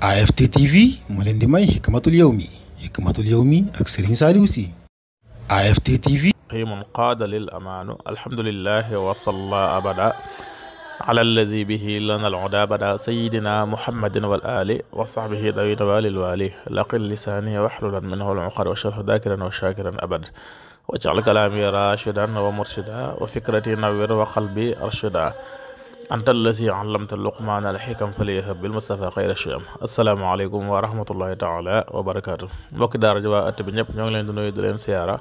AFT TV moo leen di may Hikmatul Yawmi Hikmatul Yawmi ak Serigne Saliou Sy AFT TV qimun qaada lil amaanu alhamdulillahi wa salla abada ala allazi bihi lana alhuda bada sayidina muhammadin wal ali wa sahbihi dawi tawalil wali laqil lisani waxlulan minhu alcuqad wa sharhu dakiran wa shakiran abad wajcal kalaami rashidan wa murshida wa fikrati nawir wa qalbi arshida anta allasi allamta luqmaana alxikam faliyahab bil mustafa xayra shiyam asalaamaaleykum wa rahmatullahi taala wa barakaatu mbokki daara ji waa bi ñëpp ñoo leen di nuyu leen siyaara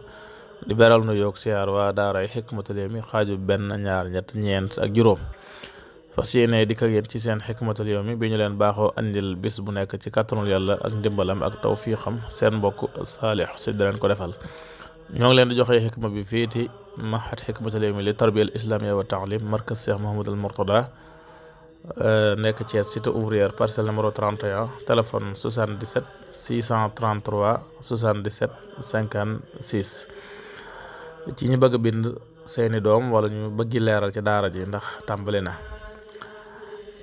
di beral nu yoog waa daaray xikmatul yawmi xaaju benn ñaar ñett ñeent ak juróom fas yéene di ko yéen ci seen xikmatul yawmi bi ñu leen baaxoo andil bis bu nekk ci kàttanul yàlla ak ndimbalam ak tawfiixam seen mbokk saalix si di leen ko defal ñoo ngi leen di joxe xikma mahad xikmatul yawmi li tarbiya al islamia wa taalim markaz cheikh Mouhamadou al Mourtada euh, nekk Thiès cité ouvrière parcelle numéro 31 téléphone 77 633 77 56 ci ñu bëgg bind seeni doom wala ñu bëggi leeral ci daara ji ndax tàmbali na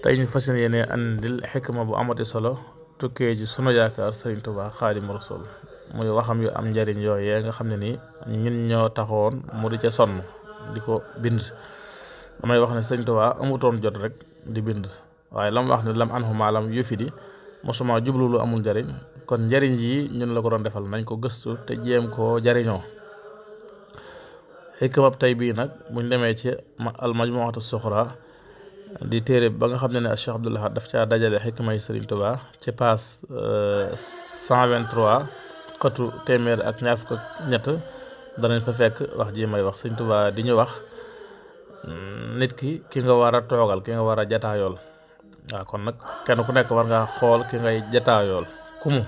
tey ñu fas yéene andil xikma bu amati solo tukkee ji sunu yaakaar Sëriñ Tuubaa Xaadimu Rasuul muy waxam yu am njariñ yooyee nga xam ne nii ñun ñoo taxoon mu di ca sonn di ko bind damay wax ne sëñ Tuubaa amutoon jot rek di bind waaye lam wax ne lam anhuma lam yu fi di mosuma jublu lu amul njariñ kon njariñ yi ñun la ko doon defal nañ ko gëstu te jéem koo jariñoo xikmab tey bii nag buñ demee ci al majmuatu suxra di téere ba nga xam ne ne Cheikh Abdoul Ahad daf ca dajale xikma yi Sëriñ Tuubaa ci paas euh, 123 xatu téeméer ak ñaar fukk ak ñett danañ fa fekk wax ji may wax sëñ di ñu wax mm, nit ki ki nga war a toogal ki nga war a jataayool waaw kon nag kenn ku nekk war ngaa xool ki ngay jataayool kumu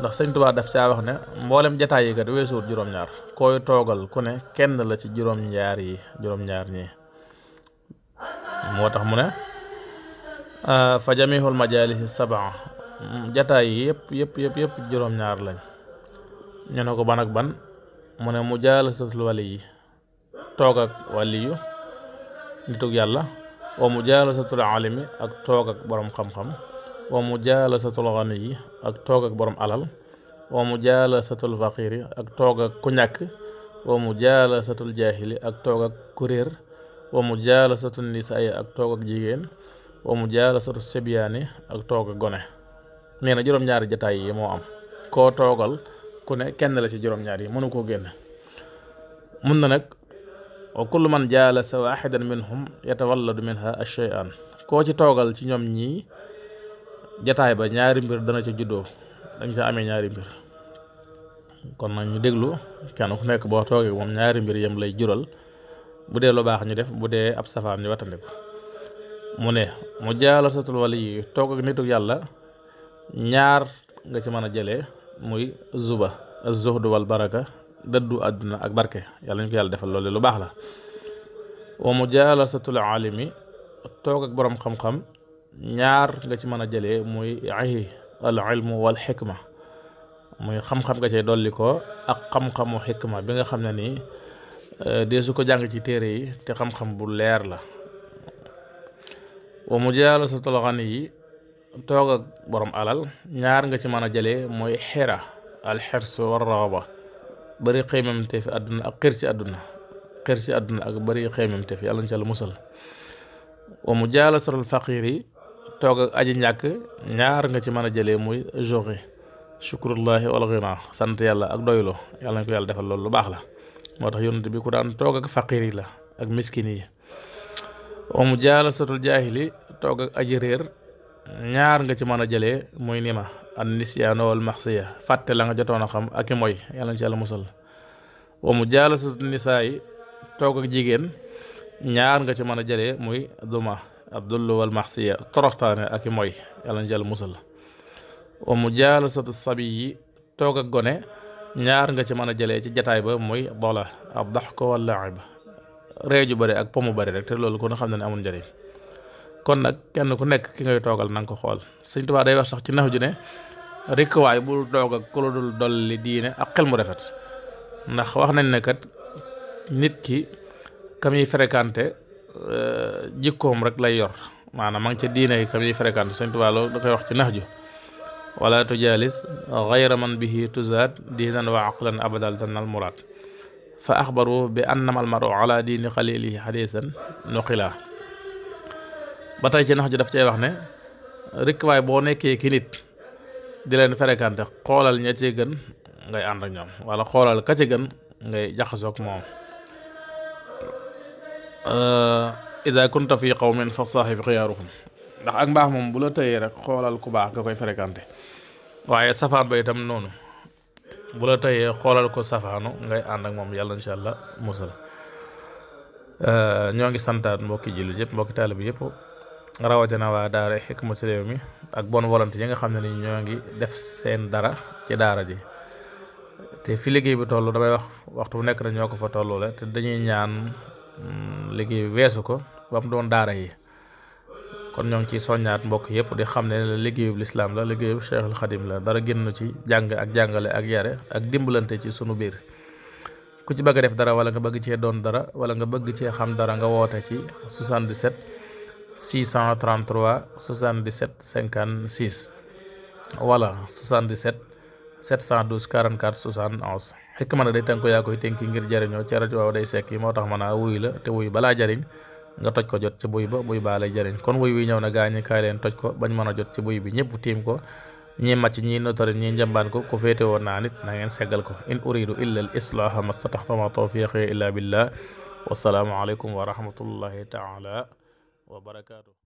ndax sëñ def daf caa wax ne mboolem jataay yi kat weesuwut juróom-ñaar koy toogal ku ne kenn la ci juróom-ñaar yi juróom-ñaar ñi moo tax mu ne fa jamihul majalisi sabaa jataay yi yëpp yëpp yëpp yëpp juróom-ñaar lañ ñu ne ko ban ak ban mu ne mujaalasatul wali yi toog ak waliyu nitug yàlla wa mujaalasatul alimi ak toog ak boroom xam-xam wa mujaalasatul xani yi ak toog ak borom alal wa mujaalasatul faqiir yi ak toog ak ku ñàkk mu mujaalasatul jaahili ak toog ak kuréer wa mujaalasatul nisaa yi ak toog ak jigéen mu mujaalasatul sibyaani ak toog ak gone nee na juróom-ñaari jataay yi moo am koo toogal ku ne kenn la ci juróom-ñaar mënu koo génn mun na nag wa kullu man jaalasa waaxidan du yatawalladu minha ash-shay'an koo ci toogal ci ñoom ñii jataay ba ñaari mbir dana ci juddoo dañ ca amee ñaari mbir kon nag ñu déglu kenn ku nekk boo toogee moom ñaari mbir yam lay jural bu dee lu baax ñu def bu dee ab safaan ñu wattandiku mu ne mu jaalasatul wali yi toog ak nitu yàlla ñaar nga ci mën a jëlee muy zuba zuhdu wal baraka dëddu àdduna ak barke yàlla ñu ko yàlla defal loole lu baax la wa mujalasatul alimi toog ak boroom xam-xam ñaar nga ci mën a jëlee muy ahi al ilmu wal xikma muy xam-xam nga cay dolli ko ak xam-xamu xikma bi nga xam ne nii euh, dee su ko jàng ci téere yi te xam-xam bu leer la wa mujalasatul xani yi toog ak boroom alal ñaar nga ci mën a jëlee mooy xira alxirsu war raxaba bari xëymamte fi àdduna ak xir ci àdduna xir ci àdduna ak bari xëymamte fi yàlla musal wa mujaalasatul faqiir yi toog ak ñàkk ñaar nga ci mën a jëlee muy joxe shukrullahi wal sant yàlla ak doylo yàlla na ko yàlla defal loolu lu baax la moo tax yonent bi ku daan toog ak faqiir la ak miskin yi wa mujaalasatul jaahili toog ak aji réer ñaar nga ci mën a jëlee muy nima an nisyaana wal maxsiya fàtte la nga jotoon a xam ak i mooy yàlla na ci yàlla musal mu jaalasatu nisaa toog ak jigéen ñaar nga ci mën a jëlee muy duma abdullu wal maxsiya toroxtaane ak i mooy yàlla musal wa mu jaalasatu sabi yi toog ak gone ñaar nga ci mën a jëlee ci jataay ba muy dola ab dax ko wal laib réew ju bëri ak pomu bëri rek te loolu kon xam na ne amul njëriñ kon nag kenn ku nekk ki ngay toogal na ko xool sëñ Tuubaa day wax sax ci nax ju ne rikkuwaay bu doog ak ku la dul dolli diine ak xel mu rafet ndax wax nañ ne kat nit ki kam yi fréquenté euh, jikkoom rek lay yor maanaam ma ngi ca diine yi kam yi fréquenté sëñ Tuubaa loolu da koy wax ci nax ju wala tujaalis gayra man bihi tuzaad diinan wa aqlan abadal tanal muraad fa axbaru bi annama almaru ala diini xalilihi xadiisan nuqilaa ba tey ci nax daf cee wax ne rikk waay boo nekkee ki nit di leen fréquenté xoolal ña ci gën ngay ànd ak ñoom walla xoolal ka ci gën ngay jaxasook moom ida kunta fi qawmin fa saaxib xiyaaruhum ndax ak mbaax moom bu la teyee rek xoolal ku baax nga koy fréquenté waaye safaan ba itam noonu bu la tëyee xoolal ko safaanu ngay ànd ak moom yàlla incha allah musal ñoo ngi santaat mbokki jullit yëpp mbokki taalibe yëpp rawatina waa daara Hikmatul mi ak bonne volonté yi nga xam ne ni ñoo ngi def seen dara ci daara ji te fi liggéey bi toll damay wax waxtu bu nekk rek ñoo ko fa tolloole te dañuy ñaan mm, liggéey weesu ko ba mu doon daara yi kon ñoo ngi ciy soññaat mbokk yëpp di xam ne liggéeyub lislaam la liggéeyub Cheikhul Xadim la dara génn ci jàng ak jàngale ak yare ak dimbalante ci sunu biir ku ci bëgg def dara wala nga bëgg cee doon dara wala nga bëgg cee xam dara nga woote ci 77. 633 77 56 voilà 77 712 44 71 xikk ma na day tënk yaa koy tënki ngir jëriñoo ci rajo waaw day sekk moo tax ma naa wuy la te wuy balaa jariñ nga toj ko jot ci buy ba buy baa lay kon wuy wi ñëw na gaañi kaay leen toj ko bañ mën a jot ci buy bi ñëpp tiim ko ñi màcc ñi notari ñii njambaan ko ku féete woon naa nit na ngeen seggal ko in uridu illa al islaaha mastataxtama tawfiqi a billah wasalaamu aleykum wa barakaatu.